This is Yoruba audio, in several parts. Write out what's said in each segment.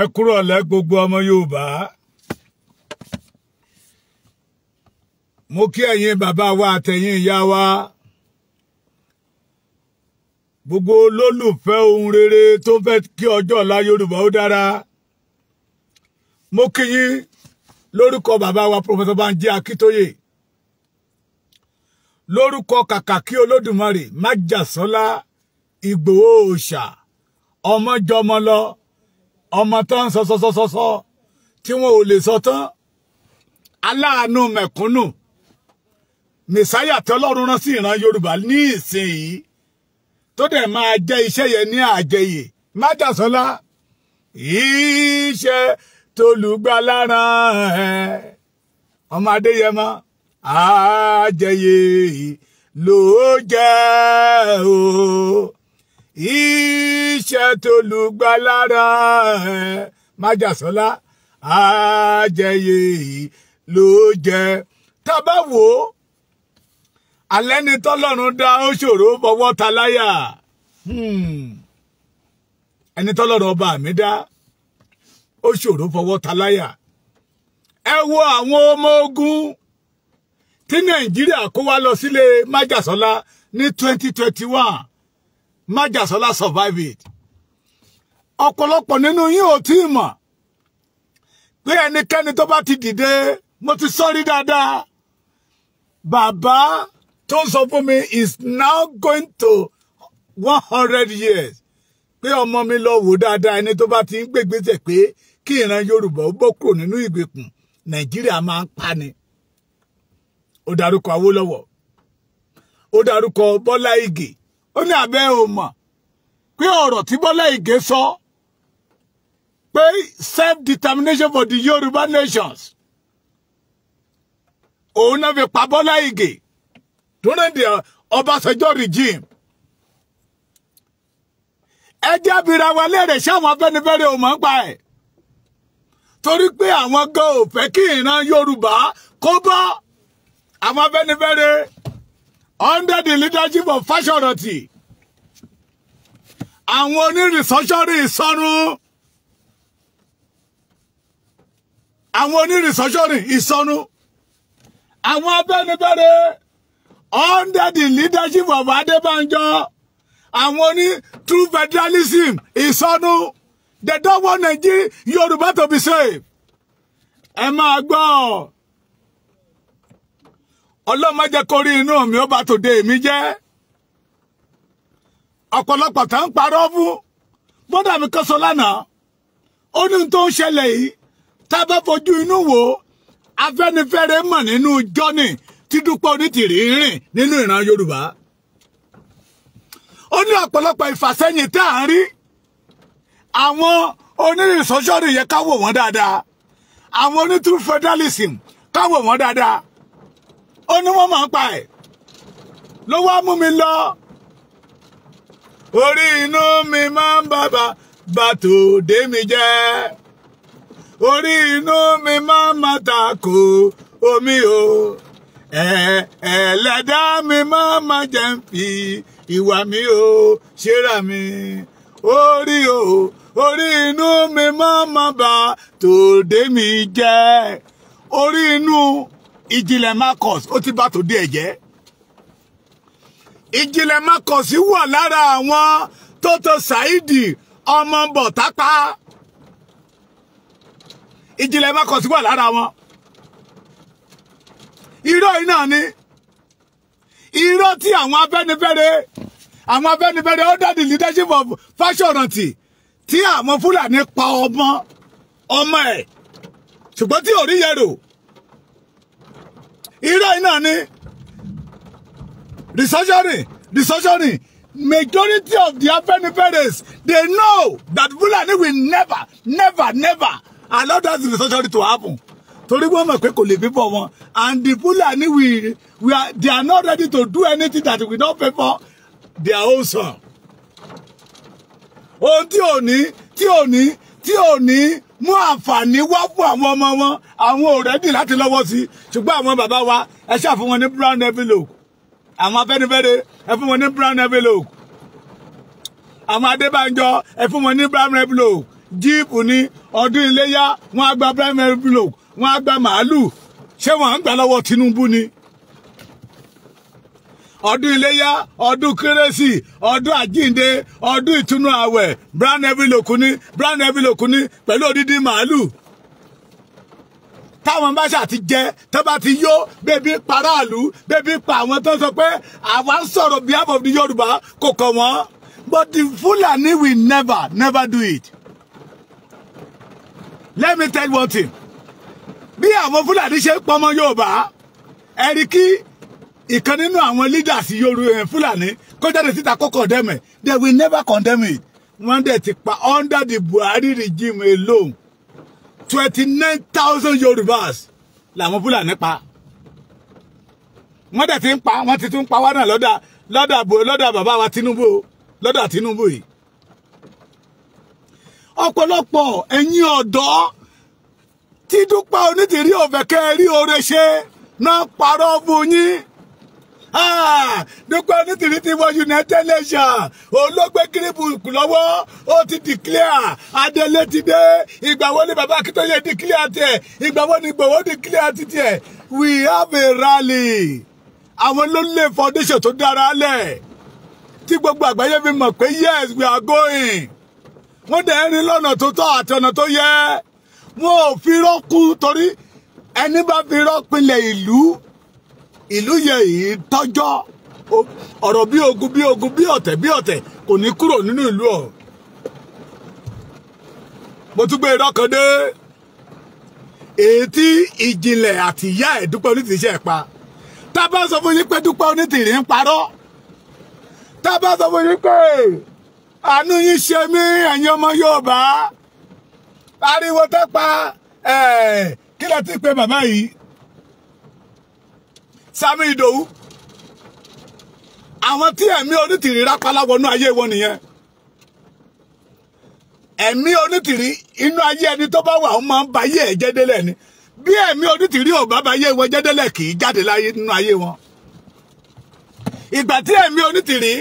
ẹ kúrò lẹ gbogbo ọmọ Yorùbá mo kí ẹ̀yin bàbá wa àtẹ̀yin ìyá wa gbogbo olólùfẹ́ ohun rere tó fẹ́ kí ọjọ́ ọ̀la Yorùbá ó dára mo kí yín lórúkọ bàbá wa Professor Banji Akíntóyè lórúkọ kàkàkí Olódùmarè májàsọ́lá Ìgbòho òòṣà ọmọjọmọ lọ ọmọ tán sọsọsọsọsọ tí wọn ò lè sọ tán aláàánú mẹ̀kúnnù mẹsáyà tí Ọlọ́run rán sí ìran Yorùbá ní ìsinyìí tó dẹ̀ máa jẹ́ iṣẹ́ yẹn ní àjẹyè májàsọ́lá iṣẹ́ tolùgbàlára ẹ ọmọ Adéyẹmọ àjẹyè ló jẹ́ o. iṣẹ́ tó lùgbàlára ẹ̀ májàsọ́lá àjẹyè ló jẹ tábà wò ó alẹ́ ni tọ́lọ́run dá ó ṣòro fọwọ́ ta hmm. ọba mi dá ó ṣòro fọwọ́ ẹ wo àwọn ọmọ ogun tí nàìjíríà kó wá lọ sílé májàsọ́lá ní twenty twenty one. májàsọ́lá survive it ọ̀pọ̀lọpọ̀ nínú yín ò tí ì mọ̀ pé ẹnikẹ́ni tó bá ti dìde mo ti sọ rí dáadáa bàbá tó sọ fún mi is now going to one hundred years pé ọmọ mi lọ wò dáadáa ẹni tó bá ti ń gbégbésẹ̀ pé kí ìran yorùbá ó bọ́ kúrò nínú ìgbèkùn nàìjíríà máa ń pani ó dárúkọ awólọ́wọ̀ ó dárúkọ bọ́lá ìgè ó ní abẹ́ ò mọ̀ pé ọ̀rọ̀ tí Bọ́lá Ìgè sọ pé self-determination for the Yoruba nations òun náà fi pa Bọ́lá Ìgè during the Ọbásanjọ́ regime ẹjẹ́ abira wa léèrè sáwọn Afẹ́nifẹ́re ò mọ̀ ń pa ẹ̀ torí pé àwọn gan ò fẹ́ kí ìran Yorùbá kó bọ́ àwọn Afẹ́nifẹ́re under the leadership of Fáṣọ̀rántì àwọn onírìsọ́ṣọ́rì ìsọnù àwọn onírìsọ́ṣọ́rì ìsọnù àwọn Abẹ́nifẹ́re under the leadership of Adébánjọ àwọn oní true federalism ìsọnù they don't want Yorùbá to be safe ẹ máa gbọ́ ọlọ́mọ jẹ́ kórìí inú mi ó bá tòde èmi jẹ́ ọ̀pọ̀lọpọ̀ tá ń parọ́ fún bọ́dà mi kan sọ lánàá ó ní tó ń ṣẹlẹ̀ yìí tá a bá fojú inú wò ó Afẹ́nifẹ́re mọ̀ nínú jọ́nì tí Dúpẹ́ Onítìrí rìn nínú ìran Yorùbá ó ní ọ̀pọ̀lọpọ̀ ìfàsẹ́yìn tá à rí àwọn onírìnsọ́sọ́rì yẹ ká wọ́n dáadáa àwọn onítúrú federalism ká wò wọ́n dáadáa ó ní wọ́n máa ń pa ẹ̀ ló wá mú mi lọ orí inú mi máa ń bàbà bàtò dé mi jẹ́ orí inú mi máa ń mata kò omi o ẹ̀ẹ́dá mi máa ma jẹ́ ń fi ìwà mi o ṣera mi orí o orí inú mi máa ma bà tòde mi jẹ́ orí inú ìjìnlẹ̀ Marcus ó ti bà tòde ẹ̀ ìjìnlẹ̀ makọ̀sí wà lára àwọn tó tó Saidi ọmọ bọ̀tápá ìjìnlẹ̀ makọ̀sí wà lára wọn irọ́ iná ni irọ́ tí àwọn Afẹ́nifẹ́re àwọn Afẹ́nifẹ́re under the leadership of Fáṣọ̀rántì tí àwọn Fúlàní pa ọmọ ọmọ ẹ̀ ṣùgbọ́n tí ò rí yẹ̀rò irọ́ iná ni resurgery resurgery majority of the Afeni parents they know that Bulani will never never never allow that resurgery to happen So the mọ̀ pé kò people, fífọ and the Bulani we we are they are not ready to do anything that we don favour their own son ohun Tioni, Tioni, ní tí Wapu, ní tí ò ní mú àǹfààní wá fún see. So wọn àwọn ò rẹ́dì one. lọ́wọ́ sí ṣùgbọ́n àwọn brown envelope àwọn Afẹ́nifẹ́re ẹ fún wọn ní brown envelope àwọn Adébánjọ ẹ fún wọn ní brown envelope jíìpù ní ọdún iléyá wọn á gba brown envelope wọn á gba màálù ṣé wọn à ń gbà lọ́wọ́ Tinubu ni ọdún iléyá ọdún kérésì ọdún àjínde ọdún ìtúnú ààwẹ̀ brown envelope ní brown envelope ní pẹ̀lú odidi màálù táwọn bá ti jẹ tó ti yó bébí paráàlú bébí pa àwọn tó sọ pé àwa ń sọ̀rọ̀ behalf of the Yorùbá kò kọ̀ wọ́n but the Fulani will never never do it. let me tell you one thing bí àwọn Fulani ṣe ń pọmọ Yorùbá ẹ̀rí kí ìkan nínú àwọn leaders Yorùbá eh, Fulani kó jáde síta kó condemn it they will never condemn it wọ́n dẹ̀ ti pa under the Buhari regime alone twenty nine thousand yorùbás làwọn fúlàní pa wọ́n dẹ̀ ti ń pa wọ́n ti tún pa wá náà lọ́dà lọ́dà bo lọ́dà bàbá wa tinubu lọ́dà tinubu yìí ọ̀pọ̀lọpọ̀ ẹ̀yin ọ̀dọ́ tí dúpẹ́ onítìrí ọ̀fẹ́ kẹ́ rí oore ṣe náà parọ́ fún yín dúpẹ́ onítìrí ti wọ united nations olóògbé kiribu lọ́wọ́ ó ti declare adélé ti dé ìgbà wo ni bàbá akíntóye declare tiẹ̀ ìgbà wo ni gbòwó declare ti tiẹ̀ we have a rally àwọn ló lè foundation tó dára lẹ̀ tí gbogbo àgbáyé fi mọ̀ pé yes we are going wọ́n dẹ̀ ń rin lọ́nà tó tọ́ àti ọ̀nà tó yẹ wọn ò fi rọ́ọ̀kú torí ẹni bá fi rọ́ọ̀pinlẹ̀ ìlú ìlú yẹn yìí tọ́jọ́ ọ̀rọ̀ bí ogun bí ogun bí ọ̀tẹ̀ bí ọ̀tẹ̀ kò ní kúrò nínú ìlú ọ̀hún. mo tún gbé irọ́ e kan dé èyí tí ìjìnlẹ̀ àti ìyá ẹ̀ Dúpẹ́ Onítìrí ṣe pa tá a bá sọ fún yín pé Dúpẹ́ Onítìrí ń parọ́ tá a bá sọ fún yín pé àánú yín ṣe mí ẹ̀yin ọmọ Yorùbá ariwo tẹ́ pa kí ló ti pe bàbá yìí Sami Idowu àwọn tí ẹ̀mí onítìrí rápálá wọnú ayé wọn nìyẹn ẹ̀mí onítìrí inú ayé ẹni tó bá wà ó máa ń ba ayé ẹ̀ ni bí ẹ̀mí onítìrí ò bá ba ayé wọn jẹ́dẹ́lẹ̀ kì í jáde láyé nínú ayé wọn ìgbà tí ẹ̀mí onítìrí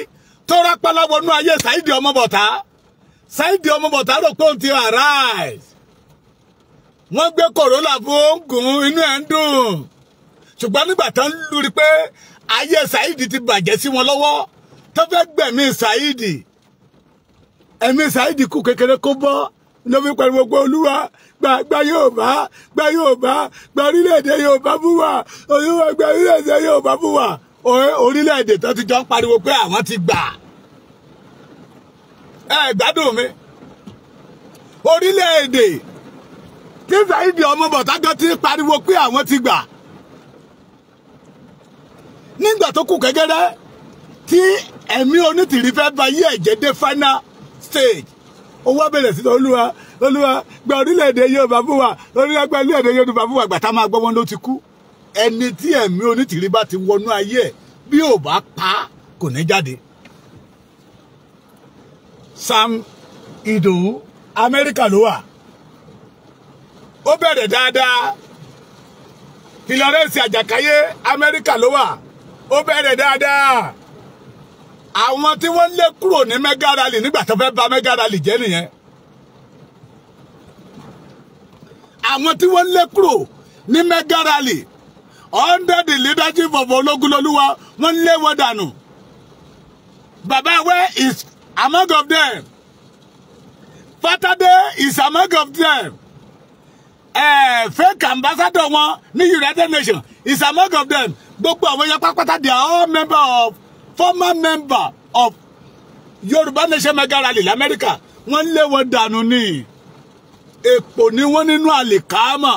tó rápálá wọnú ayé Saidi Ọmọbọ̀tá Saidi Ọmọbọ̀tá rò pé òun ti arise wọ́n gbé kòrólà fún òun inú ẹ̀ ń dùn ṣùgbọ́n nígbà tán ń lórí pé ayé Saheed ti bàjẹ́ sí wọn lọ́wọ́ tó fẹ́ gbẹ̀mí Saheed ẹ̀mí Saheed kù kékeré kó bọ́ ní omi pẹ̀lú gbogbo olúwa gba Yorùbá gba Yorùbá gba orílẹ̀-èdè Yorùbá fún wa olúwa gba orílẹ̀-èdè Yorùbá fún wa orílẹ̀-èdè tó ti jọ ń pariwo pé àwọn ti gbà ẹ gbádùn mi orílẹ̀-èdè tí Saheed ọmọ bọ̀tá gan ti pariwo pé àwọn ti gbà nígbà tó kù kẹ́gẹ́rẹ́ tí ẹ̀mí onítìrí fẹ́ ba yí ẹ̀jẹ̀ dé final stage ó wá bẹ̀rẹ̀ sí olúwa olúwa gba orílẹ̀-èdè yorùbá fún wa olúwa gba orílẹ̀-èdè yorùbá fún wa gbàtà máa gbọ́ ló ti kú ẹni tí ẹ̀mí onítìrí bá ti wọnú ayé ẹ̀ bí ò bá pa kò ní jáde. Sam Ìdòwú amẹ́ríkà ló wà ó bẹ̀rẹ̀ dáadáa Florence Àjàkáyé amẹ́ríkà ló wà ó bẹ̀rẹ̀ dáadáa àwọn tí wọ́n lé kúrò ní mega rally nígbà tó fẹ́ bà mega rally jẹ́ nìyẹn àwọn tí wọ́n lé kúrò ní mega rally under the leadership of Ológúnlolúwa wọ́n lé wọn dànù baba where is among of them Fatade is among of them uh, fake ambassador wọn ní United Nations is among of them gbogbo àwọn èèyàn pátápátá they are all member of former member of Yorùbá Nation mega rally lamẹ́ríkà wọ́n lé wọn dànù ni èpò ni wọ́n nínú àlìkámà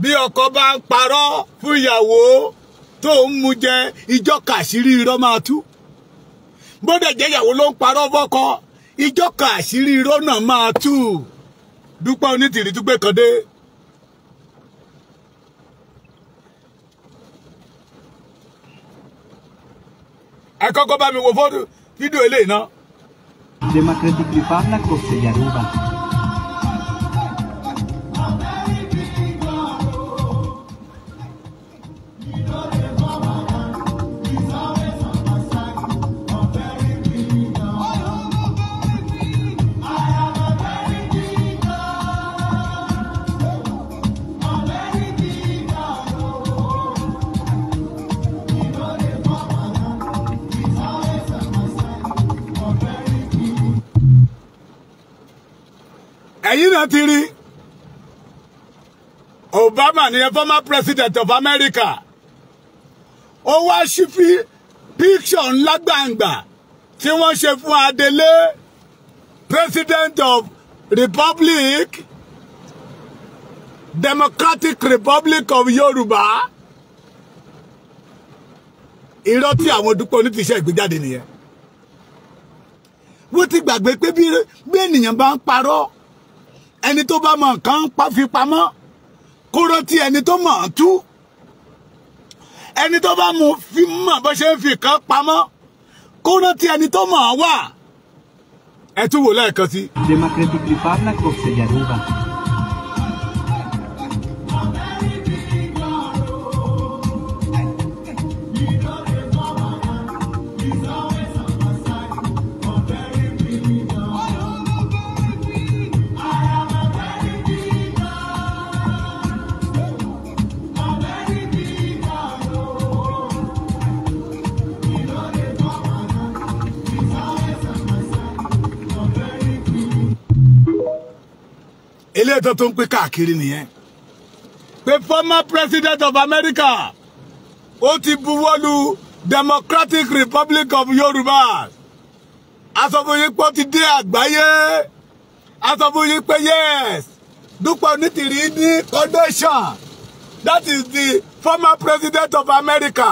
bí ọkọ bá ń parọ́ fún ìyàwó tó ń mu jẹ ìjọ kàṣírí irọ́ máa tú bó dẹ̀ jẹ́ ìyàwó ló ń parọ́ fọ́kọ ìjọ àṣírí irọ́ náà máa tú dúpẹ́ onítìrí túgbé kan ẹ kọ́kọ́ bá mi wo fọ́tò fídíò eléyìí náà. Democratic Republic of the Yoruba. ẹ̀yin náà ti rí Obama nìyẹn former president of America ó wá sí fi picture ńlá gbàǹgbà tí wọ́n ṣe fún Adelé president of republic democratic republic of Yorùbá irọ́ tí àwọn dúpọ̀ ní ti iṣẹ́ ìgbéjáde nìyẹn wọ́n ti gbàgbé pé bí ènìyàn bá ń parọ́ ẹni tó bá mọ nǹkan fi pamọ́ kó rántí ẹni tó mọ̀ ọ́n tú ẹni tó bá mọ fi mọ̀ bó ṣe ń fi nǹkan pamọ́ kó rántí ẹni tó mọ̀ ọ́n wà ẹ tún wò lẹ́ẹ̀kan sí. democratic republic of sejadova. eléyìí tó tó ń pè káàkiri nìyẹn pé former president of America ó ti buwọ́lu Democratic Republic of Yorùbá asọ̀bùyí pọ́ ti dé àgbáyé asọ̀bùyí pé yes Dúpẹ́ Onítìrí ní foundation that is the former president of America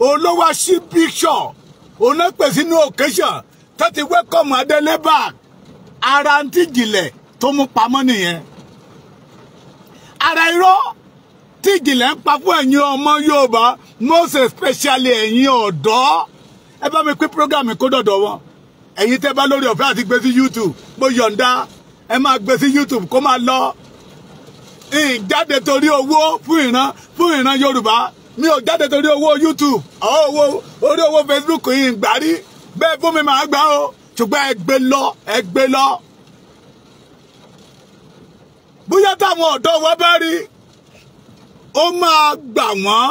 òun ló wá sí picture òun náà pè sínú occasion tó ti welcome Adele back ara ń tìjìnlẹ̀ tó mú pamọ́ nìyẹn ara irọ́ tí ìjìnlẹ̀ ń pa fún ẹ̀yin ọmọ Yorùbá most especially ẹ̀yin ọ̀dọ́ ẹ bá mi pín program kó dọ̀dọ̀ wọn ẹ̀yin tẹ́ bá lórí ọ̀fẹ́ àti gbé sí YouTube mo yọ̀ǹda ẹ máa gbé sí YouTube kó máa lọ ìjáde torí owó fún ìran fún ìran Yorùbá mi ò jáde torí owó YouTube àwọn owó orí owó Facebook yìí ń gbárí bẹ́ẹ̀ fún mi máa gbá o ṣùgbọ́n ẹ gbé lọ ẹ gbé lọ bóyá táwọn ọ̀dọ́ wa bá rí ó máa gbà wọ́n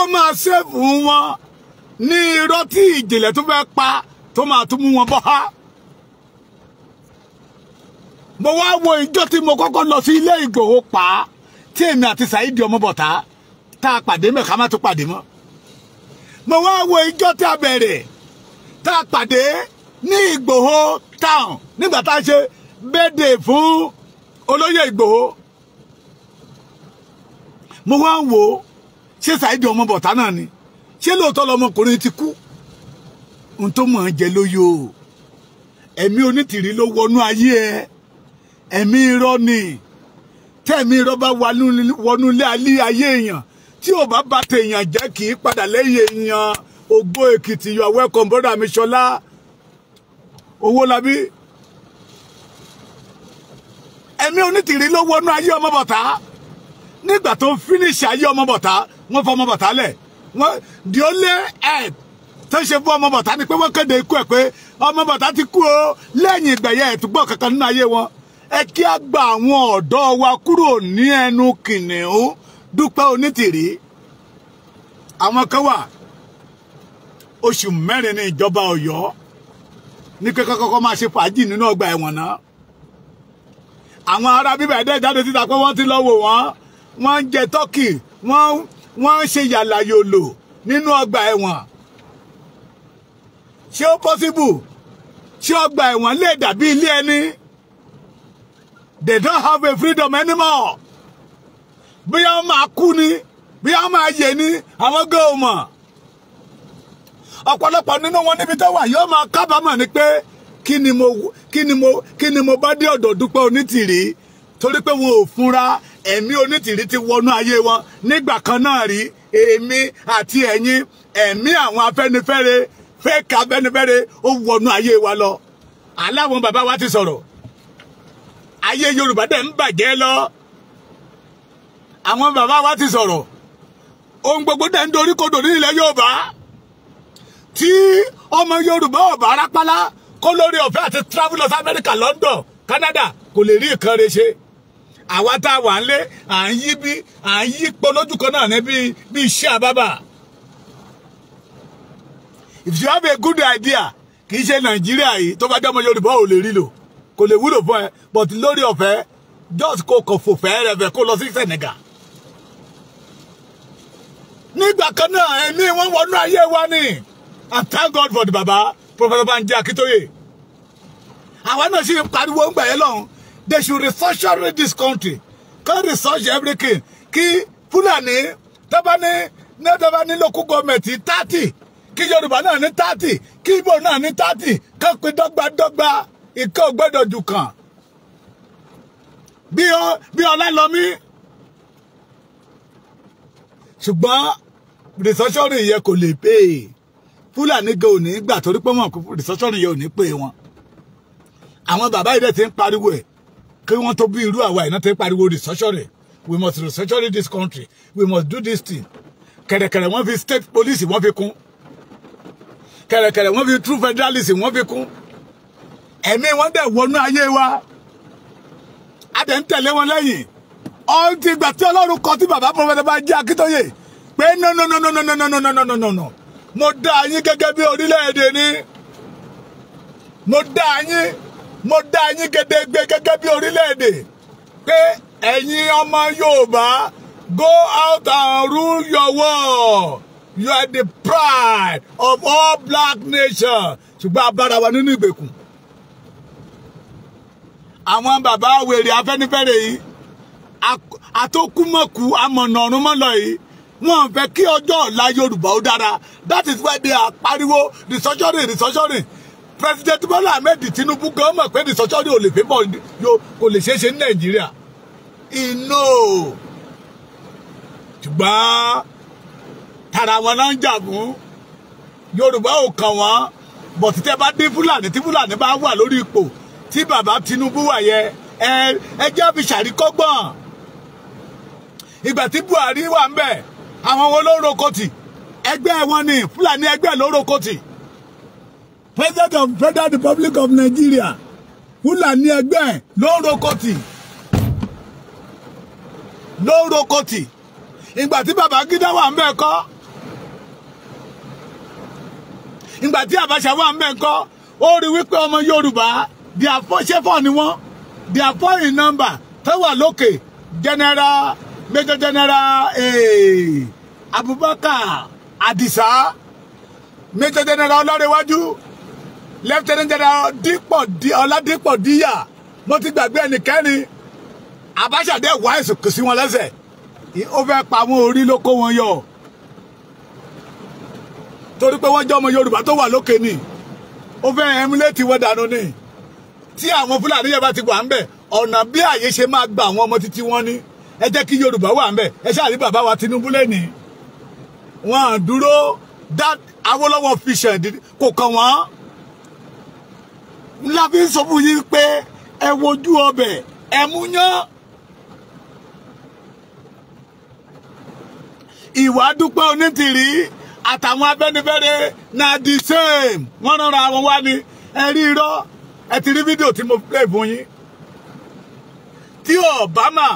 ó máa ṣẹ́fù wọn ní irọ́ tí ìjìnlẹ̀ tó fẹ́ pa tó máa tún mú wọn bọ́ há. mo wá wo ìjọ tí mo kọ́kọ́ lọ sí ilé Ìgbòho pa tí èmi àti Saheed Ọmọbọ̀tá tá a pàdé mẹ́ka má tó pàdé mọ́. mo wá wo ìjọ tí a bẹ̀rẹ̀ tá a pàdé ní Ìgbòho town nígbà tá a ṣe bẹ́ẹ̀dẹ̀ fún olóyè Ìgbòho mo wá ń wò ó ṣé ṣáìdì ọmọ bọ̀tá náà ni ṣé lóòótọ́ lọmọkùnrin ti kú ohun tó mọ̀ ń jẹ lóyè o ẹ̀mí onítìrí ló wọnú ayé ẹ ẹ̀mí irọ́ ni tẹ̀mí irọ́ bá wọnú ilé ayé èèyàn tí ò bá bá tèèyàn jẹ́ kì í padà lẹ́yìn èèyàn Ògbó Èkìtì you are welcome brother mi Ṣọlá Owólabí ẹ̀mí onítìrí ló wọnú ayé ọmọ bọ̀tá nígbà tó ń finish ayé ọmọ bọ̀tá wọ́n fọ ọmọ bọ̀tá lẹ̀ wọ́n di ó tó ṣe fún ọmọ bọ̀tá ni pé wọ́n kéde ikú ẹ̀ pé ọmọ bọ̀tá ti kú o lẹ́yìn ìgbẹ̀yẹ ẹ̀túgbọ́ kankan nínú ayé wọn ẹ kí á gba àwọn ọ̀dọ́ wa kúrò ní ẹnu kìnìún dúpẹ́ onítìrí àwọn kan wà oṣù mẹ́rin ní ìjọba ọ̀yọ́ ní pé kọ́kọ́ máa ṣe fàájì nínú ọgbà ẹ̀wọ̀n náà àwọn ará bíbẹ̀ dẹ́ jáde síta pé wọ́n ti lọ wò wọ́n wọ́n ń jẹ tọ́kì wọ́n wọ́n ń ṣe yàlàyòlò nínú ọgbà ẹ̀wọ̀n ṣé ó possible ṣé ọgbà ẹ̀wọ̀n lè dàbí ilé ẹni they don't have a freedom anymore bí wọ́n máa kú ni bí wọ́n máa yè ni àwọn góòmọ̀ ọ̀pọ̀lọpọ̀ nínú wọn níbi tó wà yóò máa kábàámọ̀ ni pé kí ni mo kí mo kí ni mo bá dé ọ̀dọ̀ Dúpẹ́ Onítìrí torí pé wọn ò fúnra ẹ̀mí Onítìrí ti wọnú ayé wọn nígbà kan náà rí èmi àti ẹ̀yin ẹ̀mí àwọn Afẹ́nifẹ́re fake Afẹ́nifẹ́re ó wọnú ayé wa lọ aláwọn bàbá wa ti sọ̀rọ̀ ayé Yorùbá dẹ̀ ń bàjẹ́ lọ àwọn bàbá wa ti sọ̀rọ̀ ohun gbogbo dẹ̀ ń dorí kodò nílẹ̀ Yorùbá tí ọmọ Yorùbá ọ̀bà rápálá kó lórí ọ̀fẹ́ àti travel lọ London Canada kò lè rí nǹkan rẹ̀ ṣe àwa tá a wà ń lé à ń yí bí à ń yí polójú kan náà ní bí iṣẹ́ àbábà if you have a good idea kì í ṣe nàìjíríà yìí tó bá jẹ́ ọmọ yorùbá ò lè rí lò kò lè wúlò fún ẹ but lórí ọ̀fẹ́ just kò kò fòfẹ́ rẹ fẹ́ kó lọ sí Senegal. nígbà kan náà ẹ̀mí wọn wọnú ayé wa ni and thank God for the baba Professor Banji Akintoye àwa náà ṣe pariwo ń gbà yẹn lọ́hùn they should restructure this country can research everything kí fúlàní tọ́ba ní tọ́ba ní local government thirty kí yorùbá náà ní thirty kí ibo náà ní thirty kán pín dọ́gbadọ́gba ìkan gbọ́dọ̀ jù kàn bí ọlálọ́mí ṣùgbọ́n restructuring yẹ kò lè pè é fúlàní gan ò ní gbà torí pé wọn restructuring yẹ ò ní pè wọn àwọn bàbá yìí dẹ̀ ti ń pariwo ẹ̀ kí wọ́n tó bí irú àwa ìná ti ń pariwo restructure we must restructure this country we must do this thing kẹ̀rẹ̀kẹ̀rẹ̀ wọ́n fi state police wọ́n fi kún kẹ̀rẹ̀kẹ̀rẹ̀ wọ́n fi true federalism wọ́n fi kún ẹ̀mí wọn dẹ̀ wọnú ayé wa a dẹ̀ ń tẹ̀lé wọn lẹ́yìn ọ̀hún ti gbà tí ọlọ́run kọ tí bàbá pọfẹ́tà bá jẹ́ akíntóye pé no no no no no no no no no no no no mo dá yín gẹ́gẹ́ bí orílẹ̀-èdè ni mo dá yín mo dá yín gedegbe gẹ́gẹ́ bí orílẹ̀-èdè pé ẹ̀yin ọmọ Yorùbá go out and rule your world you are the pride of all black nation ṣùgbọ́n abára wa nínú ìgbèkùn àwọn bàbá wèrè Afẹ́nifẹ́re yìí àtòkùmọ̀kù amọ̀nà ọ̀run mọ́lọ yìí wọ́n fẹ́ kí ọjọ́ ọ̀la Yorùbá ó dára that is why they are pariwo resurgery resurgery president Bola Ahmed Tinubu gan mọ̀ pé ìsọjọ́rí ò lè pé bọ̀ kò lè ṣeé ṣe ní Nàìjíríà iná ṣùgbọ́n tara wọn náà ń jagun Yorùbá ò kàn wọ́n bọ̀tí tẹ́ bá dín Fúlàní tí Fúlàní bá wà lórí ipò tí bàbá Tinubu wà yẹ ẹ ẹ jẹ́ fi ṣàríkọ́gbọ̀n ìgbà tí Buhari wà ń bẹ̀ àwọn wọn ló ń roko tì ẹgbẹ́ wọn ni Fúlàní ẹgbẹ́ ló ń roko tì president of federal republic of nigeria fúlàní ẹgbẹ́ ẹ̀ ló ń rokòtì ló ń rokòtì ìgbà tí babangida wà ń bẹ̀ kọ́ ìgbà tí abacha wà ń bẹ̀ kọ́ ó rí wípé ọmọ yorùbá di àfọ́ṣẹ́fọ́ ni wọ́n di àfọ́ in number tó wà lókè general major general eh, abubakar adisa major general ọlọ́rẹ̀wájú. Lieutenant General dípò Ọládípò Díyà mo ti gbàgbé ẹnikẹ́ni Abacha dẹ̀ wá ẹ̀sùn kù sí wọn lẹ́sẹ̀ ó fẹ́ pa wọn orí ló kó wọn yọ torí pé wọ́n jẹ́ ọmọ Yorùbá tó wà lókè ni ó fẹ́ emulate wọn dànù ni tí àwọn Fúlàní yẹn bá ti wà ń bẹ̀ ọ̀nà bí àyè ṣe máa gba àwọn ọmọ títí wọn ni ẹ jẹ́ kí Yorùbá wà ń bẹ̀ ẹ ṣáà rí bàbá wa Tinubu lẹ́ni wọn à dúró dá Awólọ́wọ̀ fi ṣẹ̀dí kò kàn wọ́n la fi ń sọ fún yín pé ẹ wojú ọbẹ̀ ẹ mú yán. ìwà dúpẹ́ onítìrí àtàwọn abẹ́nifẹ́re na the same wọ́n rọra àwọn wá ní ẹ irọ́ ẹ ti rí fídíò tí mo play fún yín tí Obama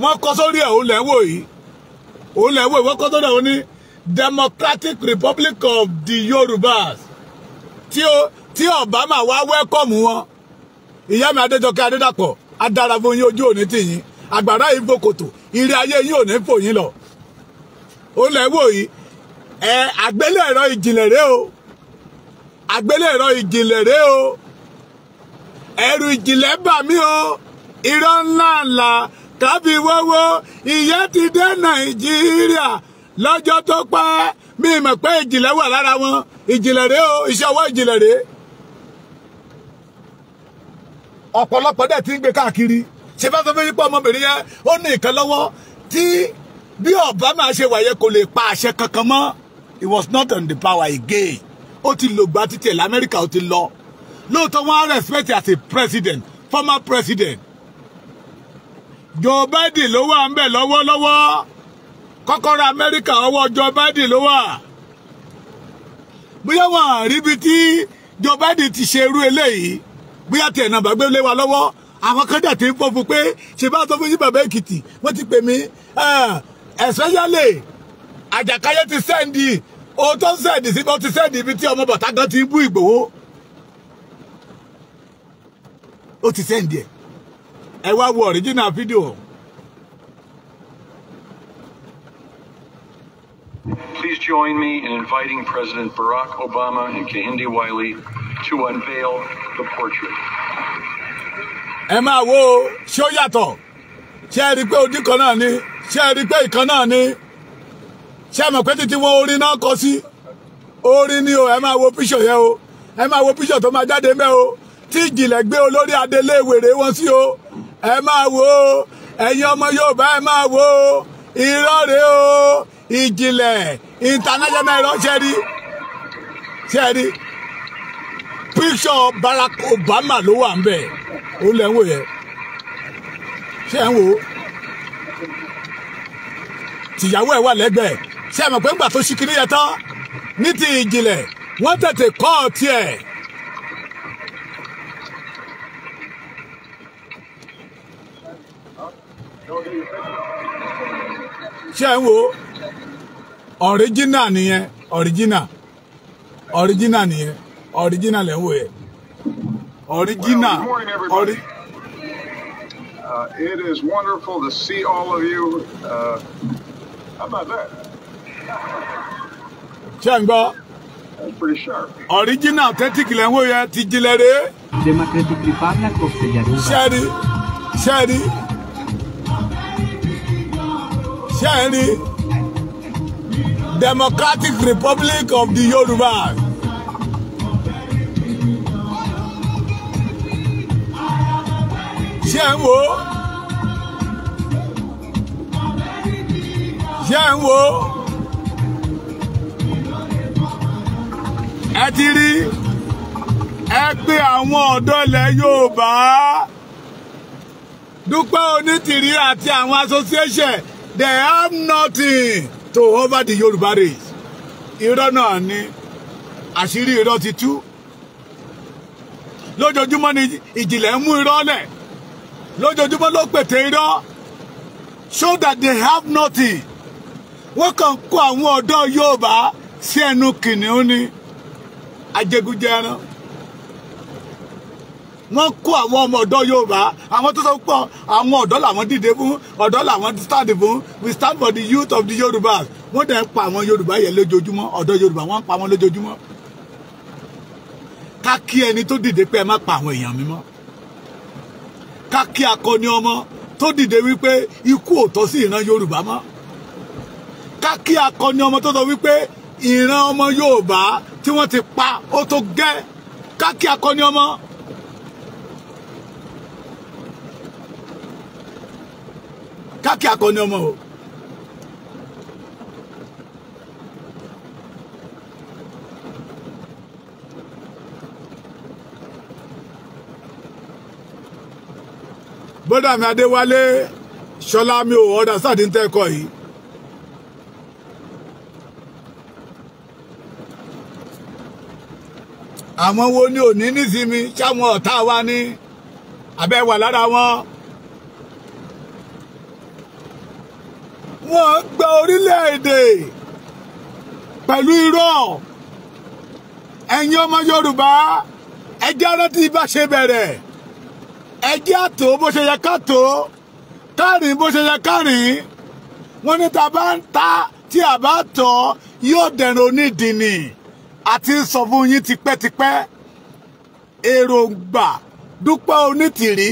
wọ́n kọ sórí ẹ̀ òun yìí òun yìí wọ́n kọ sórí ẹ̀ òun Democratic Republic of the Yorubas tí ó tí Obama wá wẹ́kọ̀mù wọn ìyá mi Adéjọkẹ́ Adédàpọ̀ adarabo yín ojú òní tì yín àgbàrá yìí bòkòtò ìrì ayé yín òní fò yín lọ ó lẹ́wọ̀ yìí ẹ àgbélé ẹ̀rọ ìjìnlẹ̀ rẹ o àgbélé ẹ̀rọ ìjìnlẹ̀ rẹ o ẹ̀rù ìjìnlẹ̀ bà mí o irọ́ ńlá ńlá kábí wọ́wọ́ ìyẹn ti dé Nàìjíríà lọ́jọ́ tó pẹ́ mi mọ̀ pé ìjìnlẹ̀ wà lára wọn ìjìnlẹ̀ rẹ o iṣẹ́ ọwọ́ ìjìnlẹ̀ rẹ ọ̀pọ̀lọpọ̀ dẹ̀ ti ń gbé káàkiri ṣe fẹ́ fẹ́ pé ọmọbìnrin yẹn ó ní nǹkan lọ́wọ́ tí bí Obama ṣe wáyé kò lè pa àṣẹ kankan mọ́ he was not on the power again ó ti lògbà títí ẹ̀ lamẹ́ríkà ó ti lọ lóòótọ́ wọn á respect as a president former president Joe Biden ló wà ń bẹ̀ lọ́wọ́lọ́wọ́ kọ́kọ́rọ́ Amẹ́ríkà ọwọ́ Joe Biden ló wà bóyá wọn àríbi tí Joe Biden ti ṣe irú eléyìí bóyá tiẹ̀ nàbà gbé wa lọ́wọ́ àwọn kan ti ń fọ́ fún pé ṣe bá sọ fún yín bàbá èkìtì wọ́n ti pè mí eh, àjàkáyé ti sẹ́ndì o ti sẹ́ndì ibi tí ọmọ bàtà gan ti bú Please join me in inviting President Barack Obama and Kehinde Wiley to unveil the portrait. Ẹ máa wo ṣé ó yàtọ̀? Ṣé ẹ rí pé odi kan náà ni? Ṣé ẹ rí i pé ìkan náà ni? Ṣé ẹ mọ̀ pé títí wọn orin náà kọ sí? Orin ni o, ẹ máa wo píṣọ̀ yẹn o. Ẹ máa wo píṣọ̀ tó máa jáde mẹ́ o. Tí ìjìnlẹ̀ gbé olórí adelé wèrè wọn sí o. Ẹ máa wo ẹ̀yin ọmọ Yorùbá ẹ máa wo irọ́ rèé o ìjìnlẹ̀ international irọ́ ṣe rí ṣe rí píṣọ Barack Obama ló wà ń bẹ̀ ó lẹ́ ń wò yẹn ṣe ń wò ó tìyàwó ẹ̀ wà lẹ́gbẹ̀ẹ́ ṣe é mọ̀ pé ńgbà tó ṣí kiri yẹn tán ní ti ìjìnlẹ̀ wọ́n tètè kọ́ ọ tiẹ̀. ṣé ń wo original nìyẹn original original nìyẹn original lẹ́wọ̀ yẹn original ori. Uh, it is wonderful to see all of you. Uh, how about that? Chango. That's pretty sharp. Original authentic language ya ti jilere. Democratic Republic of the Yaruba. Shari. Shari. Shari. Democratic Republic of the Yoruba. Ṣé ń wo? Ṣé ń wo? Ẹ ti rí ẹ pé àwọn ọ̀dọ́ ilẹ̀ Yorùbá Dúpẹ́ Onítìrí àti àwọn association they have nothing to over the Yorùbá race irọ́ náà ni àṣírí irọ́ ti tú lójoojúmọ́ ni ìjìnlẹ̀ ń mú irọ́ lẹ̀ lójoojúmọ́ ló pètè irọ́ so that they have nothing wọ́n kàn kó àwọn ọ̀dọ́ Yorùbá sí ẹnu kìnìún ni ajẹgújẹran wọ́n kó àwọn ọmọ ọ̀dọ́ yorùbá àwọn tó sọ pé àwọn ọ̀dọ́ làwọn dìde fún ọ̀dọ́ làwọn stand fún we stand for the youth of the yorùbá wọ́n dẹ̀ ń pa àwọn yorùbá yẹn lójoojúmọ́ ọ̀dọ́ yorùbá wọ́n ń pa wọn lójoojúmọ́ ká kí ẹni tó dìde pé ẹ má pa àwọn èèyàn mi mọ́ ká kí akọni ọmọ tó dìde wípé ikú ò tọ́ sí ìran yorùbá mọ́ ká kí akọni ọmọ tó sọ wípé ìran ọmọ yorùbá tí wọ́n ti pa ó tó gẹ́ ká kí akọni ọmọ káàkiri akọni ọmọ o. bọ́dà mi adéwálé ṣọlá mi ò ọ̀dà sáàdì ń tẹ́kọ̀ yìí. àwọn wo ni ò ní nísìmí ṣáwọn ọ̀tá wa ní abẹ́ lára wọn. wọ́n gba orílẹ̀-èdè pẹ̀lú irọ́ ẹ̀yin ọmọ Yorùbá ẹ jẹ́ á rántí bá ṣe bẹ̀rẹ̀ ẹ jẹ́ á tò bó ṣe yẹ ká tò kárìn bó ṣe yẹ kárìn wọ́n ní ta bá ń ta tí a bá tọ̀ yóò dẹ̀rùn onídìní àti sọ fún yín tipẹ́tipẹ́ èròǹgbà Dúpẹ́ Onítìrí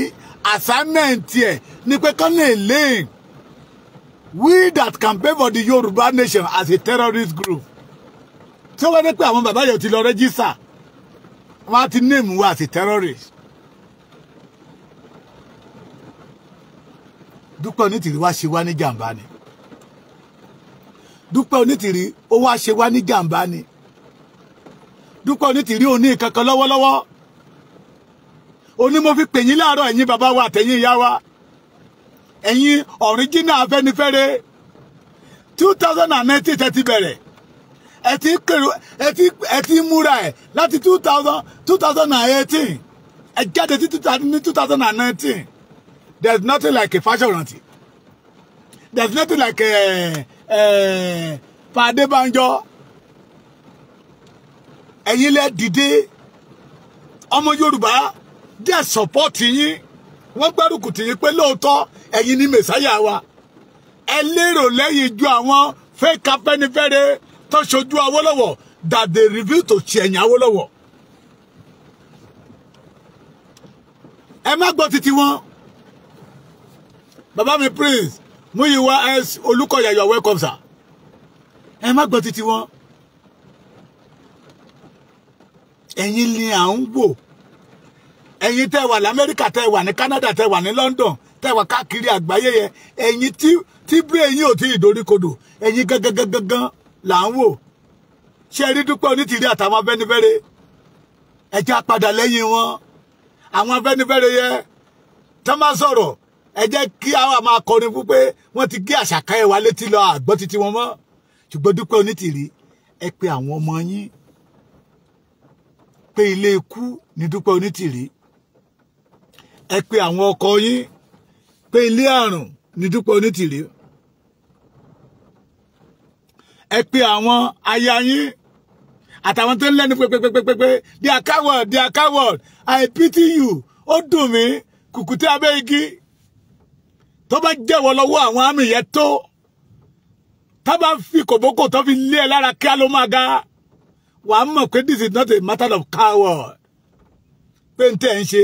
àsánẹ́ǹtì ẹ̀ ni pé kán lè léèkì we that campaign for the Yoruba nation as a terrorist group So when they come, àwọn bàbá you ti lọ rẹ́jísà wọ́n name was as a terrorist. Dúpẹ́ Onítìrí wá ṣe wá ní jàǹbá ni Dúpẹ́ Onítìrí ó wá ṣe wá ní jàǹbá ni Dúpẹ́ Onítìrí ò ní kankan lọ́wọ́lọ́wọ́ ó ní mo fi pè yín láàárọ̀ ẹ̀yin bàbá wa àtẹ̀yìn ìyá wa ẹ̀yin original Afẹ́nifẹ́re two thousand and nineteen tẹ́tí bẹ̀rẹ̀ ẹ ti kèrò ẹ ti ẹ ti múra ẹ láti two thousand two thousand and eighteen ẹ jáde sí ní two thousand and nineteen there is nothing like a Fáṣọ̀rántì there is nothing like a uh, eh, Pa eh, Adébánjọ ẹ̀yin lẹ dìde ọmọ Yorùbá díẹ̀ support yín wọ́n gbárùkù tì yín pé lóòótọ́ ẹ̀yin ni mẹ̀sáyà wa ẹ lérò lẹ́yìn ju àwọn fake Afẹ́nifẹ́re tó ṣojú Awólọ́wọ̀ that they reveal to ṣẹ̀yìn Awólọ́wọ̀ ẹ má gbọ́ títí wọn bàbá mi prince Múyìwá s Olúkọ̀yà you are welcome sir ẹ má gbọ́ títí wọn ẹ̀yin ni à ń wò ẹ̀yin tẹ́ wà lamẹ́ríkà tẹ́ wà ní Canada tẹ́ wà ní London tẹ́ wà káàkiri àgbáyé yẹn ẹ̀yin tí tí bí ẹ̀yin ò tí ì doríkodò ẹ̀yin gangan là ń wò ṣe rí Dúpẹ́ Onítìrí àtàwọn Afẹ́nifẹ́re ẹjẹ́ padà lẹ́yìn wọn àwọn Afẹ́nifẹ́re yẹn tán bá sọ̀rọ̀ ẹ jẹ́ kí àwọn máa kọrin fún pé wọ́n ti gé àṣàká ẹ̀ wá létí lọ àgbọ́ titi wọn mọ́ ṣùgbọ́n Dúpẹ́ Onítìrí ẹ pe àwọn ọmọ yín pé ilé ikú ni Dúpẹ́ Onítìrí ẹ pe àwọn ọkọ yín pé ilé àrùn ní Dúpẹ́ Onítìrí ẹ pe àwọn aya yín àtàwọn tó ń lẹ́nu pépépépépé they are coward they are coward I pity you ó dùn mí kùkùté abẹ́ igi tó bá jẹ́wọ́ lọ́wọ́ àwọn àmì yẹn tó tá bá fi kòbókò tó fi lé ẹ lára kíá ló máa ga wàá mọ̀ pé this is not a matter of coward pé n tẹ́ ń ṣe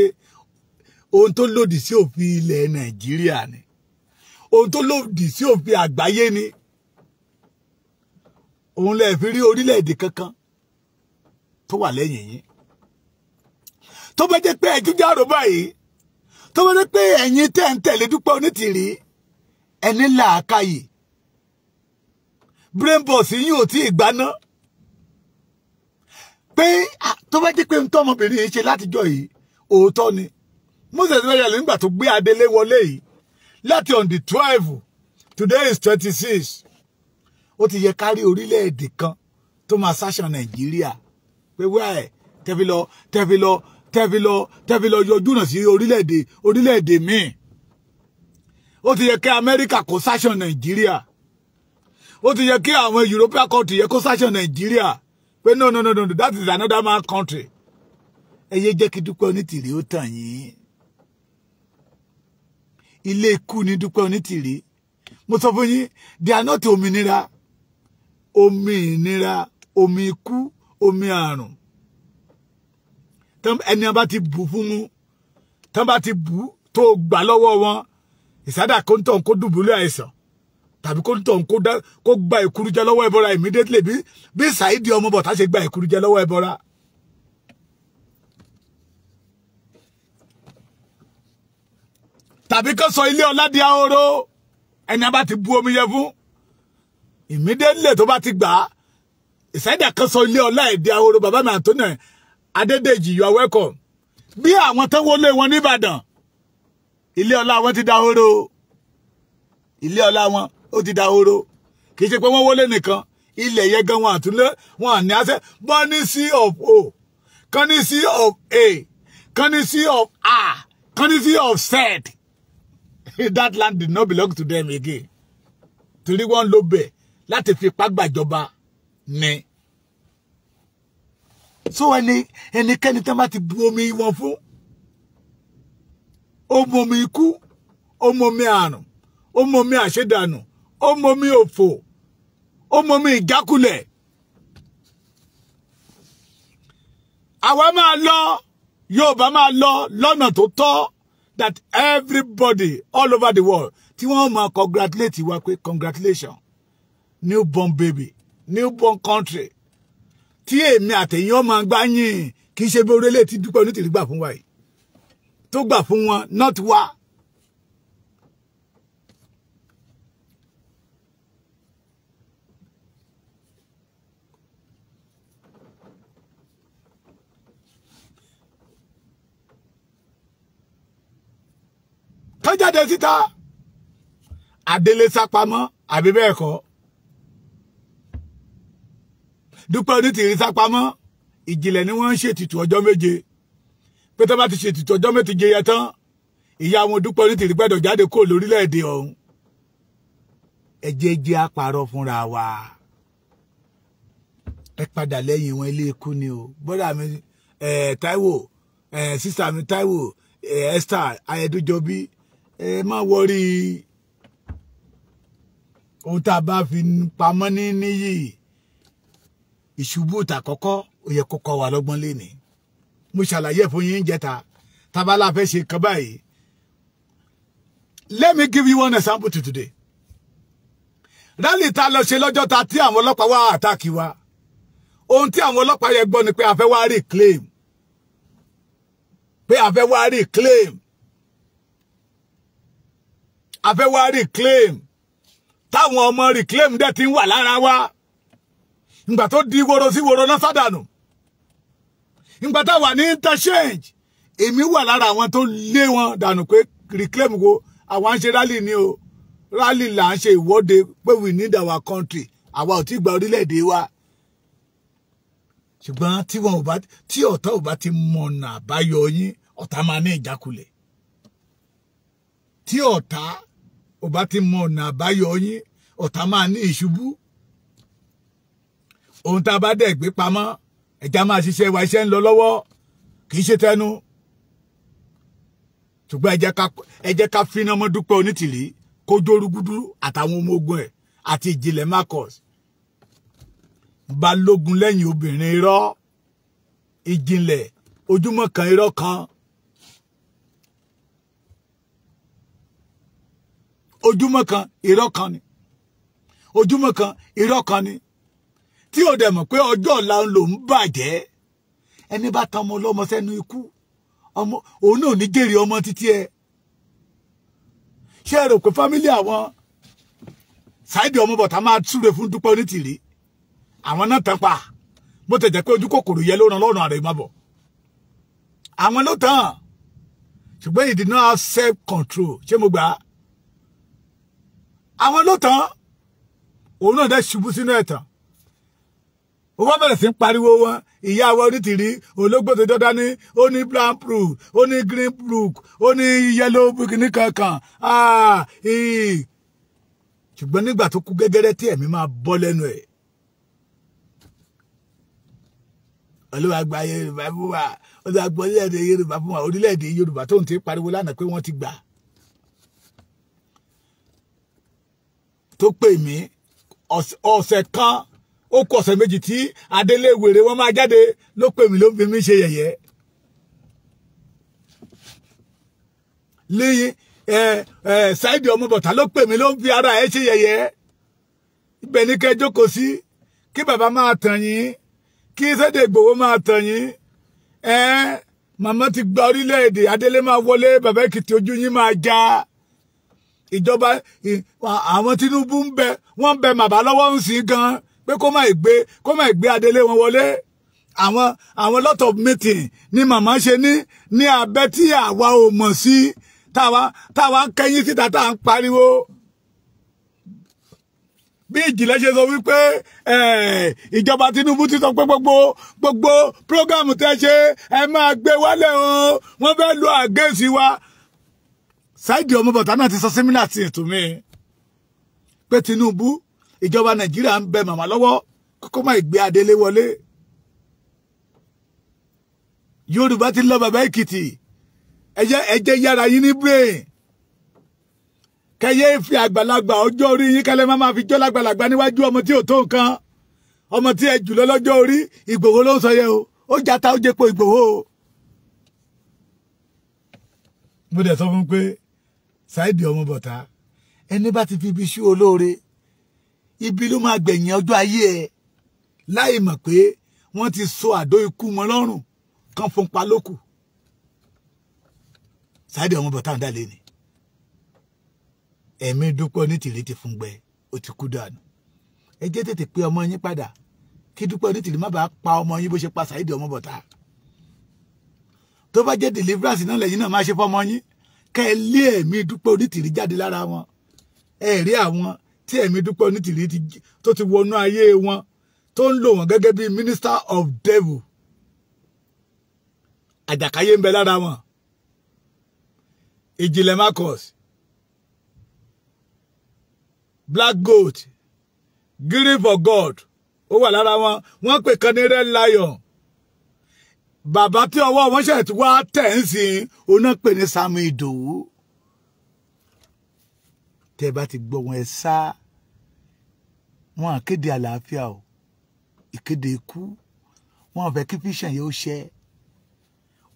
ohun tó lòdì sí òfin ilẹ̀ nàìjíríà ni ohun tó lòdì sí òfin àgbáyé ni òun lè fi rí orílẹ̀-èdè kankan tó wà lẹ́yìn yín tó bá jẹ́ pé ẹjú járò báyìí tó bá jẹ́ pé ẹ̀yin tẹ̀ ń tẹ̀lé Dúpẹ́ Onítìrí ẹni làákàyè brain box yín ò tí ì gbaná pé tó bá jẹ́ pé ń tọ́mọbìnrin yìí ṣe látijọ́ yìí òótọ́ ni. Moses Maryale nígbà tó gbé adelé wọlé yìí láti on the twelve today is twenty six ó ti yẹ kárí orílẹ̀-èdè kan tó máa ṣàṣà Nàìjíríà pé wẹ́ẹ̀ tẹ́fi lọ tẹ́fi lọ tẹ́fi lọ tẹ́fi lọ yọjú náà sí orílẹ̀-èdè orílẹ̀-èdè míì ó ti yẹ kí Amẹ́ríkà kó ṣàṣà Nàìjíríà ó ti yẹ kí àwọn European country yẹ kó ṣàṣà Nàìjíríà pé no no no no that is another man country ẹ yé jẹ́ kí dúpẹ́ onítìrí ó tàn yín ilé ikú ní Dúpẹ́ Onítìrí mo sọ fún yín they are not òmìnira omi ìnira omi ikú omi àrùn ẹni a bá ti bù fún mu tán bá ti bù tó gbà lọ́wọ́ wọn ìsádà kó ń tàn kó dùbúlẹ̀ àìsàn tàbí kó ń tàn kó gba ìkurujẹ lọ́wọ́ ẹbọra immediately bí bí Saidi ọmọ bọ̀tá ṣe gba ìkurujẹ lọ́wọ́ ẹbọra. tàbí kó sọ ilé ọlá di ahoro ẹni a bá ti bu omi yẹ fún ìmídélé tó bá ti gbà á ìsáyédà kan sọ ilé ọlá ẹ̀ ahoro bàbá mi àtúnyẹ adédèjì you are welcome bí àwọn tó wọlé wọn nìbàdàn ilé ọlá wọn ti dahoro ilé ọlá wọn ó ti dahoro kì í ṣe pé wọ́n wọlé nìkan ilẹ̀ yẹn gan wọn àtúnlé wọn àní àṣẹ bọ́ ní c of o kan ní c of a kan ní c of r kan ní c of z that land did not belong to them again torí wọ́n ló bẹ̀ láti fipá gbàjọba ni. so ẹni ẹnikẹ́ni tó bá ti bu omi wọn fún ó mu omi ikú ó mu Omo àrùn ó mu omi àṣedànù ó mu omi òfò ó mu omi ìjákulẹ̀. àwa máa lọ Yorùbá máa lọ that everybody all over the world tí wọ́n máa congratulate wa pé congratulation newborn baby newborn country tí èmi àtẹ̀yìn máa gbá yìn kì í ṣe bí orílẹ̀ ti dúpẹ́ onítìrí gbà fún wa yìí tó gbà fún wọn not wa. kan jáde síta adélé sápamọ́ àbí bẹ́ẹ̀ kọ́ dúpẹ́ onítìrí sápamọ́ ìjìnlẹ̀ ni wọ́n ń ṣètìtù ọjọ́ méje pé tó bá ti ṣètìtù ọjọ́ méje yẹn tán ìyá wọn dúpẹ́ onítìrí gbẹ́dọ̀ jáde kó lórílẹ̀‐èdè ọ̀hún ẹ̀jẹ̀ jẹ́ àpàrọ̀ fúnra wa ẹ padà lẹ́yìn wọn ilé ikú ni o bọ́dà mi Táíwò sísà mi Táíwò Esther Ayédújọbí ẹ má wọrí ohun tá a bá fi pamọ́ ní níyì ìṣubú tàkọ́kọ́ ó yẹ kó kọ́ lọ́gbọ́n léni mo ṣàlàyé fún yín jẹta tábàlà fẹ́ ṣe kan báyìí let me give you one example to today rálì tá a lọ ṣe lọ́jọ́ ta tí àwọn ọlọ́pàá wá àtàkì wa ohun tí àwọn ọlọ́pàá yẹn gbọ́ ni pé a fẹ́ wá reclaim pé a fẹ́ wá reclaim afẹ́wá reclaim táwọn ọmọ reclaim dẹ̀ ti ń wà lára wa ìgbà tó di woro sí woro náà sádànù ìgbà táwà ní interchange èmi wà lára àwọn tó lé wọn dànù pé reclaim wo àwọn ṣe rally ni o rally là ń ṣe ìwọ́de pé we need our country àwa ò tí gba orílẹ̀-èdè wa ṣùgbọ́n tí wọn ò bá tí ọ̀tá ò bá ti mọ̀nà àbáyọ yín ọ̀tá máa ní ìjákulẹ̀ tí ọ̀tá ò bá ti mọ ọ̀nà àbáyọ yín ọ̀tá máa ní ìṣubú ohun tá a bá dẹ̀ gbé pamọ́ ẹ̀já máa ṣiṣẹ́ wa iṣẹ́ ń lọ lọ́wọ́ kì í ṣe tẹnu ṣùgbọ́n ẹ ká finá ọmọ dúpẹ́ onítìlí kójó rúgúdú àtàwọn ọmọ ogun ẹ̀ àti ìjìnlẹ̀ Marcus balógun lẹ́yìn obìnrin irọ́ ìjìnlẹ̀ ojúmọ́ kan irọ́ kan ojúmọ́ kan irọ́ kan ni ojúmọ́ kan irọ́ kan ni tí o dẹ̀ mọ̀ pé ọjọ́ ọ̀la ló ń bàjẹ́ ẹni bá tan ọmọ ọlọ́mọ sẹ́nu ikú ọmọ òun náà ní jèrè ọmọ títí ẹ ṣé ẹ rò pé fámílì àwọn ṣáìdì ọmọ bọ̀tá máa súre fún dúpẹ́ onítìrí àwọn náà tán pa bó tẹ̀ jẹ́ pé ojú kòkòrò yẹ ló ràn lọ́rùn ààrẹ ìmọ̀ àwọn ló tán ṣùgbọ́n he did not self control ṣé mo gbà á àwọn ló tán òun náà dẹ̀ ṣubú sínú ẹ̀tàn ó wá bẹ̀rẹ̀ sí ń pariwo wọn ìyá wa onítìrí ológbò tó dọ́dá ní ó ní brown brook ó ní green brook ó ní yellow brook ní kankan ah, ṣùgbọ́n nígbà tó kú gẹ́gẹ́rẹ́ tí ẹ̀mí máa bọ́ lẹ́nu ẹ̀ olúwa gba yorùbá fún wa olúwa gbọ́ orílẹ̀-èdè yorùbá fún wa orílẹ̀-èdè yorùbá tóun ti pariwo lánàá pé wọ́n ti gbà á tó pè mí ọ̀sẹ̀ kan ó kù ọ̀sẹ̀ méjì tí adéléwèrè wọn máa jáde ló pè mí ló ń fi mí ṣe yẹ̀yẹ́. lẹ́yìn ẹ ẹ ṣáìdì ọmọbọ̀tà ló pè mí ló ń fi ara ẹ ṣe yẹ̀yẹ́. ibẹ̀ ní kẹ́ jókòó sí kí bàbá máa tàn yín kí Sunday Igboho máa tàn yín. ẹ màmá ti gba orílẹ̀-èdè adélé máa wọlé bàbá èkìtì ojú yín máa já. Ja ìjọba àwọn Tinubu ń bẹ wọ́n ń bẹ màbá lọ́wọ́ ń sìn gan pé kó má gbé kó má gbé adelé wọn wọlé àwọn àwọn lot of meeting ni màmá ṣe ní ní abẹ́ tí àwa ò mọ̀ sí táwa táwa ń kẹ́yìn síta tá à ń pariwo bí ìjìnlẹ̀ ṣe sọ wípé ìjọba Tinubu ti sọ pé gbogbo gbogbo prógámù tẹ́ ṣe ẹ máa gbé wálẹ̀ o wọ́n fẹ́ lo àgẹ́sì wa Saheed Ọmọbọ̀tá náà ti sọ sẹ́mínà sí ètò mi pé Tinubu ìjọba Nàìjíríà ń bẹ màmá lọ́wọ́ kókó má ìgbé adélé wọlé Yorùbá ti lọ bàbá Èkìtì ẹjẹ ẹjẹ yára yín ní brain kẹyẹ fi àgbàlagbà ọjọ́ orí yín kẹlẹ má máa fi jọ lágbàlagbà níwájú ọmọ tí ò tó nǹkan ọmọ tí ẹ jùlọ lọ́jọ́ orí Ìgbòho ló ń sọ yẹ o ó jata ó jẹpo Ìgbòho o mo dẹ̀ sọ fún pé Saheed ọmọ bọ̀tá ẹni bá ti fi ibi ṣú olóore ibi ló máa gbẹ̀yìn ọjọ́ ayé ẹ láì mọ̀ pé wọ́n ti so àdó ikú wọn lọ́rùn kan fún pa lókù Saheed ọmọ bọ̀tá ń ni ẹ̀mí dúpọ̀ ní tìrí ti fún gbẹ ó ti kú dànù ẹ jẹ́ tètè pé ọmọ yín padà kí dúpọ̀ ní tìrí má bàa pa ọmọ yín bó ṣe pa Saheed ọmọ bọ̀tá tó bá jẹ́ deliverance náà lẹ́yìn náà má ṣe fọmọ yín kẹ́ ẹ lé ẹ̀mí dúpẹ́ onítìrí jáde lára wọn ẹ rí àwọn tí ẹ̀mí dúpẹ́ onítìrí tó ti wọnú ayé wọn tó ń lò wọ́n gẹ́gẹ́ bí minister of devil àjàkáyé ń bẹ lára wọn ìjìnlẹ̀ Marcus black goat green for god ó wà lára wọn wọ́n pè kan ní red lion bàbá tí ọwọ́ wọn ṣẹ̀ tí wá tẹ̀ ń sin oná pè ní Samuel Ìdòwú tẹ bá ti gbọ́ ẹ sá wọn àkéde àlàáfíà o ìkéde ikú wọn fẹ́ kí fíṣàn yẹn ó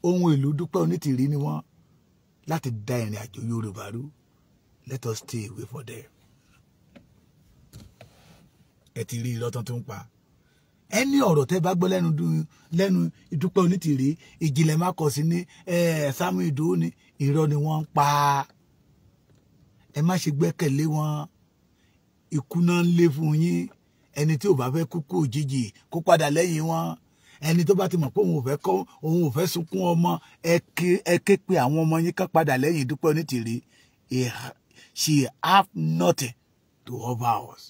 ohun èlò dúpẹ́ onítìrí ni wọ́n láti da ìrìn àjò Yorùbá rú let us stay away for them ẹ ti rí irọ́ tán tó ń pa ẹni ọ̀rọ̀ tẹ́ bá gbọ́ lẹ́nu lẹ́nu ìdúpẹ́ onítìrí ìjìnlẹ̀ má kọ̀ sí ní sámú ìdúró ni irọ́ ni wọ́n ń pa ẹ má ṣe gbẹ́kẹ̀lé wọn ikú náà ń lé fún yín ẹni tí ò bá fẹ́ kú kú òjijì kó padà lẹ́yìn wọn ẹni tó bá ti mọ̀ pé òun ò fẹ́ kọ́ òun ò fẹ́ sunkún ọmọ ẹ ké pe àwọn ọmọ yín kan padà lẹ́yìn ìdúpẹ́ onítìrí she have nothing to offer us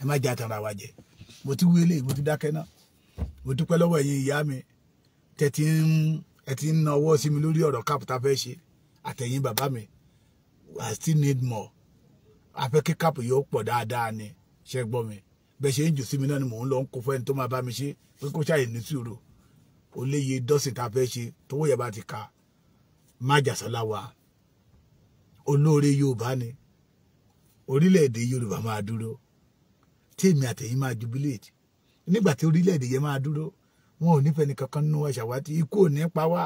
ẹ má jẹ́ àtàrà wa jẹ́ mo ti wílé mo ti dákẹ́ náà mo dúpẹ́ lọ́wọ́ ẹ̀yin ìyá mi tẹ́ ti ń ẹ ti ń nawọ́ sí mi lórí ọ̀rọ̀ cap fẹ́ ṣe àtẹ̀yìn bàbá mi I still need more a fẹ́ kí cap yóò pọ̀ dáadáa ni ṣe gbọ́ mi bẹ́ẹ̀ ṣe ń jù sí mi náà ni mò ń lọ ń kó fún tó máa bá mi ṣe pé kó ṣàyè ní sùúrù ó léye dọ́sìn tá a fẹ́ ṣe tówó yẹn bá ti ka má jàsálà wa olóore Yorùbá ni orílẹ̀-èdè Yorùbá máa dúró tí àtẹ̀yìn máa jubilate nígbà tí orílẹ̀-èdè yẹn máa dúró wọn ò nífẹ̀ẹ́ ní kankan nínú ẹ̀ṣà ikú ò ní pa wá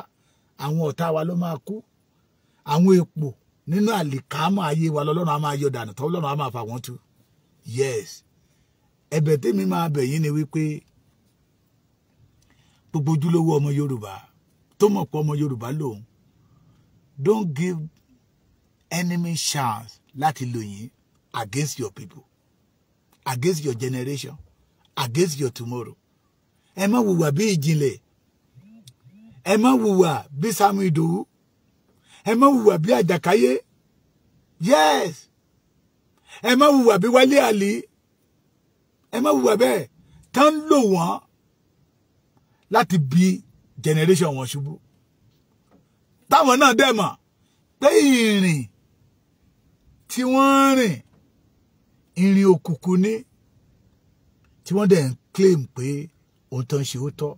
àwọn ọ̀tá wa ló máa kú àwọn èpò nínú àlìkámọ̀ ayé wa lọ́lọ́run á máa yọ dànù tọ́ lọ́run á máa fà wọ́n tu yes ẹ̀bẹ̀ tèmi máa bẹ̀ yín ni wípé gbogbo ojúlówó ọmọ Yorùbá tó mọ̀ pé ọmọ Yorùbá lòun don't give enemy chance láti lò yín against your people against your generation against your tomorrow ẹ má wùwà bí ìjìnlẹ̀ ẹ má wùwà bí Samuel Idowu ẹ má wùwà bí àjàkáyé yes ẹ má wùwà bí Wálé Àlì ẹ má wùwà bẹ́ẹ̀ tán lò wọ́n láti bí generation wọn ṣubú táwọn náà dẹ̀ mọ̀ pé ìrìn tí wọ́n ń rìn irin òkùnkùn ní tí wọ́n dẹ̀ ń claim pé òun tán ṣe ó tọ́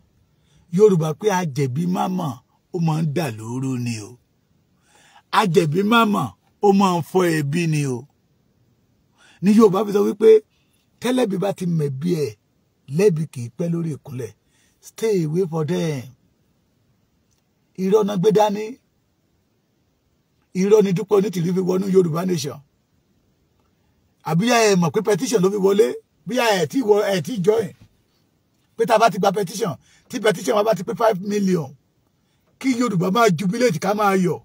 yorùbá pé àjẹ̀bí mámà ó máa ń dà lóró ni o àjẹ̀bí mámà ó máa ń fọ ẹbí ni o ní yorùbá fi sọ wípé tẹ́lẹ̀bí bá ti mẹ̀bí ẹ̀ lẹ́bi kì í pẹ́ lórí ìkúnlẹ̀ stay away for them irọ́ náà gbé dání irọ́ ni dúpọ̀ ní tìrí fi wọnú yorùbá nation àbí ẹ mọ̀ pé petition ló fi wọlé bí ẹ ti wọ ẹ ti join pé tá a bá ti gba petition tí petition wa bá ti pé five million kí Yorùbá máa jubilate ká máa yọ̀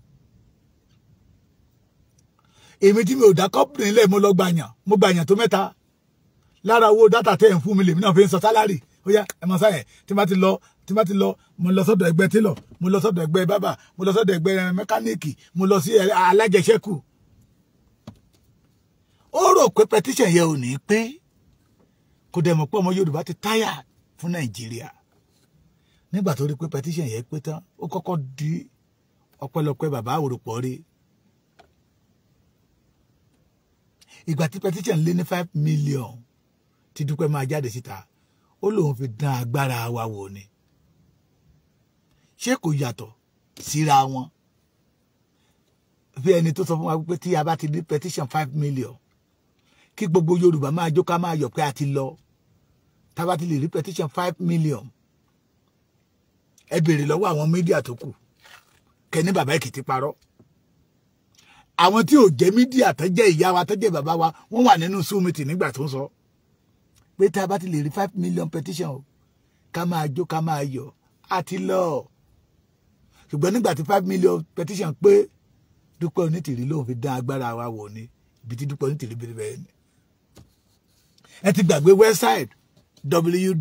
èmi tí mi ò dá kọ́pìnì lẹ̀ mo lọ gbàyàn mo gbàyàn tó mẹ́ta lára owó dátà tẹ̀ ń fún mi lèmi náà fi ń san sálárì ó yá ẹ mọ sáyẹn tí bá ti lọ tí bá ti lọ mo lọ sọ́dọ̀ ẹgbẹ́ télọ̀ mo lọ sọ́dọ̀ ẹgbẹ́ bábà mo lọ sọ́dọ̀ ẹgbẹ́ mẹkáníìkì mo lọ sí alájẹṣẹ́kù ó rò pé petition yẹn ò ní pé kò dẹ̀ mọ̀ pé ọmọ Yorùbá ti táyà fún Nàìjíríà nígbà tó rí pé petition yẹn pé tán ó kọ́kọ́ di ọpẹ́lọpẹ́ bàbá àwòrán rí ìgbà tí petition lé ní five million ti dúpẹ́ máa jáde síta ó lóun fi dán agbára wa wò ni ṣé kò yàtọ̀ síra wọn bí ẹni tó sọ fún wa pé tí a bá ti ní petition five million kí gbogbo Yorùbá máa jó ká máa yọ̀ pé a ti lọ tábà lè rí five million ẹ béèrè lọ́wọ́ àwọn mídíà tó kù kẹ́ni bàbá Èkìtì parọ́ àwọn tí ò jẹ́ mídíà tó jẹ́ ìyá wa tó jẹ́ bàbá wa wọ́n wà nínú súnmìtì nígbà tó ń sọ pé tábà lè rí five million petition o ká máa jó ká máa yọ̀ a ti lọ ṣùgbọ́n nígbà tí five million petition pé Dúpẹ́ Onítìrí lòun fi dán agbára wa wò ni ibi tí Dúpẹ́ Onítìrí bẹ̀rẹ̀ bẹ̀rẹ̀ ni ẹ ti gbàgbé website www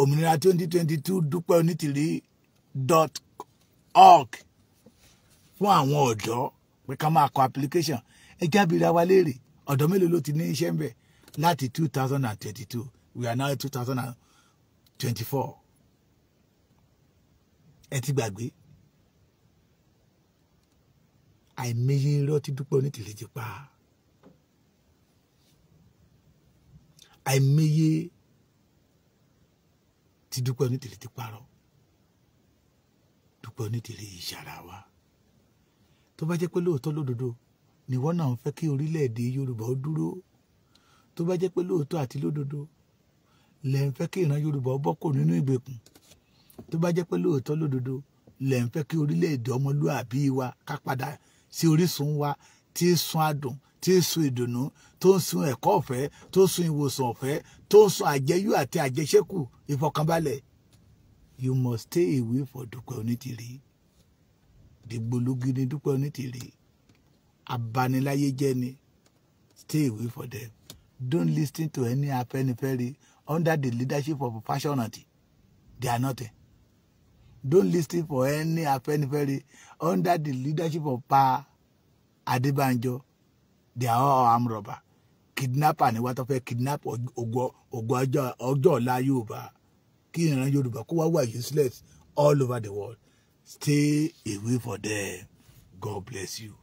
òmìnira twenty twenty two dúpẹ́ onítìrí dot org fún àwọn ọ̀dọ́ pé ká máa kọ application ẹ jábìrì àwa léèrè ọ̀dọ́ mélòó ló ti ní iṣẹ́ ń bẹ̀ láti two thousand and twenty two we are now two thousand and twenty four ẹ ti gbàgbé àìmọye irọ́ tí Dúpẹ́ Onítìrí ti pa àìmọye tí Dúpẹ́ Onítìrí ti parọ́ Dúpẹ́ Onítìrí ìṣàrà wa tó bá jẹ́ pé lóòótọ́ lódodo nìwọ náà ń fẹ́ kí orílẹ̀-èdè Yorùbá ó dúró tó bá jẹ́ pé lóòótọ́ àti lódodo lẹ̀ ń fẹ́ kí ìran Yorùbá ó bọ́kò nínú ìgbèkùn tó bá jẹ́ pé lóòótọ́ lódodo lẹ̀ ń fẹ́ kí orílẹ̀-èdè ọmọlúàbí wa ká padà sí orísun wa tí ń sun adùn tí ń sun ìdùnnú tó ń sun ẹ̀kọ́ ọ̀fẹ́ tó ń sun ìwòsàn ọ̀fẹ́ tó ń sun àjẹyú àti àjẹṣẹ́kù ìfọkànbalẹ̀ you must stay away for Dúpẹ́ Onítìrí dìgbòlugi ni Dúpẹ́ Onítìrí abaniláyé jẹ́ ni stay away for them don't listen to any Afẹ́nifẹ́re under the leadership of Fáṣọ̀rántì they are not. A don't listen for any afenifere under the leadership of Pa Adébánjọ they are all armed robber kidnapper ni wọ́n tó fẹ́ kidnap ògo ọjọ́ ọ̀la Yorùbá kí ìran Yorùbá kó wá wà useless all over the world stay away from there. God bless you.